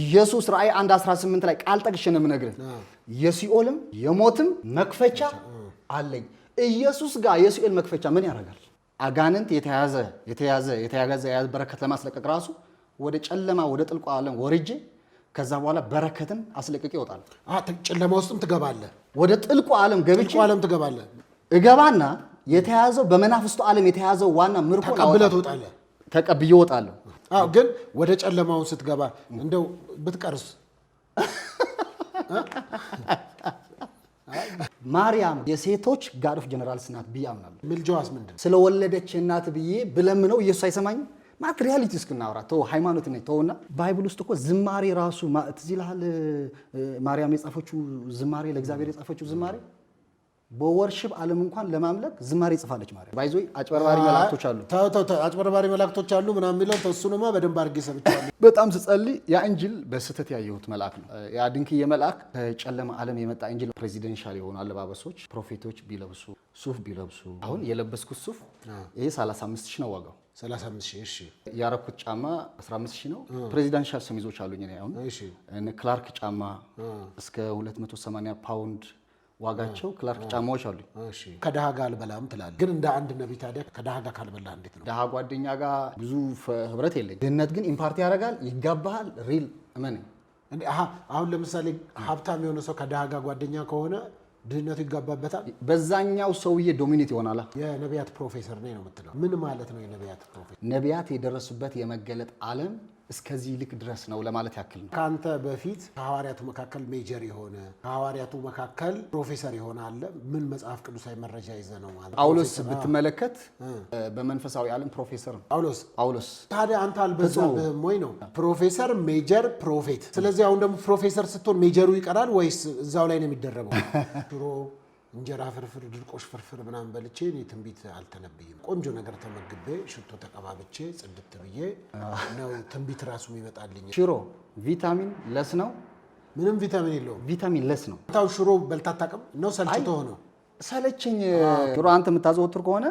ኢየሱስ ራእይ 1 18 ላይ ቃል ጠቅሼ ነው የምነግርህ። የሲኦልም የሞትም መክፈቻ አለኝ። ኢየሱስ ጋር የሲኦል መክፈቻ ምን ያደርጋል? አጋንንት የተያዘ የተያዘ የተያዘ በረከት ለማስለቀቅ ራሱ ወደ ጨለማ ወደ ጥልቁ ዓለም ወርጄ ከዛ በኋላ በረከትን አስለቅቅ ይወጣል። ጨለማ ውስጥም ትገባለህ፣ ወደ ጥልቁ ዓለም ገብቼ ዓለም ትገባለህ። እገባና የተያዘው በመናፍስቱ ዓለም የተያዘው ዋና ምርኮ ተቀብለህ ትወጣለህ። ተቀብዬ እወጣለሁ። አዎ ግን ወደ ጨለማውን ስትገባ እንደው ብትቀርስ ማርያም የሴቶች ጋድ ኦፍ ጀነራልስ ናት ብዬ አምናለሁ። ምልጃዋስ ምንድን ስለወለደች እናት ብዬ ብለምነው ኢየሱስ አይሰማኝ? ማለት ሪያሊቲ እስክናወራ ተው፣ ሃይማኖት ነ ተውና። ባይብል ውስጥ እኮ ዝማሬ ራሱ ትዝ ይልሃል? ማርያም የጻፈችው ዝማሬ፣ ለእግዚአብሔር የጻፈችው ዝማሬ በወርሽብ ዓለም እንኳን ለማምለክ ዝማሬ ጽፋለች ማርያም። ባይዞ አጭበርባሪ መላእክቶች አሉ፣ አጭበርባሪ መላእክቶች አሉ ምናምን የሚለው ተሱንማ በደንብ አድርጌ ሰብቻለሁ። በጣም ስጸልይ ያ እንጅል በስህተት ያየሁት መልአክ ነው። ያ ድንክዬ መልአክ ከጨለማ ዓለም የመጣ እንጅል። ፕሬዚደንሻል የሆኑ አለባበሶች ፕሮፌቶች ቢለብሱ ሱፍ ቢለብሱ፣ አሁን የለበስኩት ሱፍ ይሄ 35 ሺህ ነው ዋጋው። 35 ሺህ ያረኩት ጫማ 15 ሺህ ነው። ፕሬዚዳንሻል ሸሚዞች አሉኝ አሁን ክላርክ ጫማ እስከ 280 ፓውንድ ዋጋቸው ክላርክ ጫማዎች አሉ። ከድሃ ጋር አልበላም ትላለህ፣ ግን እንደ አንድ ነቢ ታዲያ ከድሃ ጋር ካልበላህ እንዴት ነው? ድሃ ጓደኛ ጋር ብዙ ህብረት የለኝ። ድህነት ግን ኢምፓርቲ ያደርጋል፣ ይጋባሃል። ሪል እመን። አሁን ለምሳሌ ሀብታም የሆነ ሰው ከድሃ ጋር ጓደኛ ከሆነ ድህነቱ ይጋባበታል። በዛኛው ሰውዬ ዶሚኒት ይሆናል። የነቢያት ፕሮፌሰር ነው የምትለው ምን ማለት ነው? የነቢያት ፕሮፌሰር ነቢያት የደረሱበት የመገለጥ አለም እስከዚህ ልክ ድረስ ነው ለማለት ያክል ነው። ከአንተ በፊት ከሐዋርያቱ መካከል ሜጀር የሆነ ከሐዋርያቱ መካከል ፕሮፌሰር የሆነ አለ። ምን መጽሐፍ ቅዱሳዊ መረጃ ይዘ ነው ማለት? ጳውሎስ ብትመለከት በመንፈሳዊ ዓለም ፕሮፌሰር ነው ጳውሎስ። ጳውሎስ ታዲያ አንተ አልበዛብህም ወይ ነው? ፕሮፌሰር፣ ሜጀር፣ ፕሮፌት። ስለዚህ አሁን ደግሞ ፕሮፌሰር ስትሆን ሜጀሩ ይቀራል ወይስ እዛው ላይ ነው የሚደረገው? እንጀራ ፍርፍር፣ ድርቆሽ ፍርፍር ምናምን በልቼ እኔ ትንቢት አልተነብይም። ቆንጆ ነገር ተመግቤ ሽቶ ተቀባብቼ ጽድት ብዬ ነው ትንቢት ራሱ ይመጣልኝ። ሽሮ ቪታሚን ለስ ነው፣ ምንም ቪታሚን የለውም። ቪታሚን ለስ ነው። ታው ሽሮ በልታ አታውቅም ነው? ሰልችቶ ሆነው ሰለችኝ። ሽሮ አንተ የምታዘወትር ከሆነ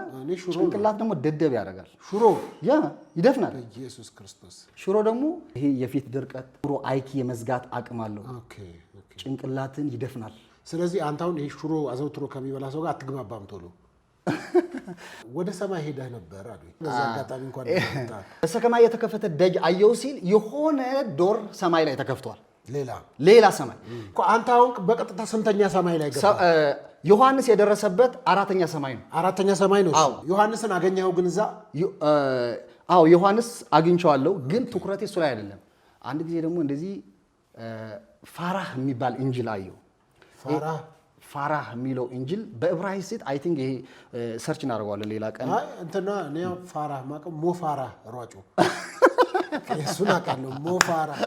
ጭንቅላት ደግሞ ደደብ ያደርጋል። ሽሮ ያ ይደፍናል። ኢየሱስ ክርስቶስ። ሽሮ ደግሞ ይሄ የፊት ድርቀት፣ ሽሮ አይኪ የመዝጋት አቅም አለው። ጭንቅላትን ይደፍናል። ስለዚህ አንተ አሁን ይህ ሽሮ አዘውትሮ ከሚበላ ሰው ጋር አትግባባም ቶሎ ወደ ሰማይ ሄደህ ነበር አሉ። አጋጣሚ እንኳን በሰከማይ የተከፈተ ደጅ አየው ሲል የሆነ ዶር ሰማይ ላይ ተከፍቷል። ሌላ ሌላ ሰማይ አንተ አሁን በቀጥታ ስንተኛ ሰማይ ላይ ገባ? ዮሐንስ የደረሰበት አራተኛ ሰማይ ነው። አራተኛ ሰማይ ነው። ዮሐንስን አገኘኸው? ግን እዛ አዎ፣ ዮሐንስ አግኝቼዋለሁ፣ ግን ትኩረቴ እሱ ላይ አይደለም። አንድ ጊዜ ደግሞ እንደዚህ ፋራህ የሚባል እንጅል አየሁ። ፋራህ የሚለው እንጅል በእብራይ ሴት አይ ቲንክ ይሄ ሰርች እናደርገዋለን ሌላ ቀን እንትና ፋራህ ሞ ፋራህ ሯጩ እሱን አውቃለሁ ሞ ፋራህ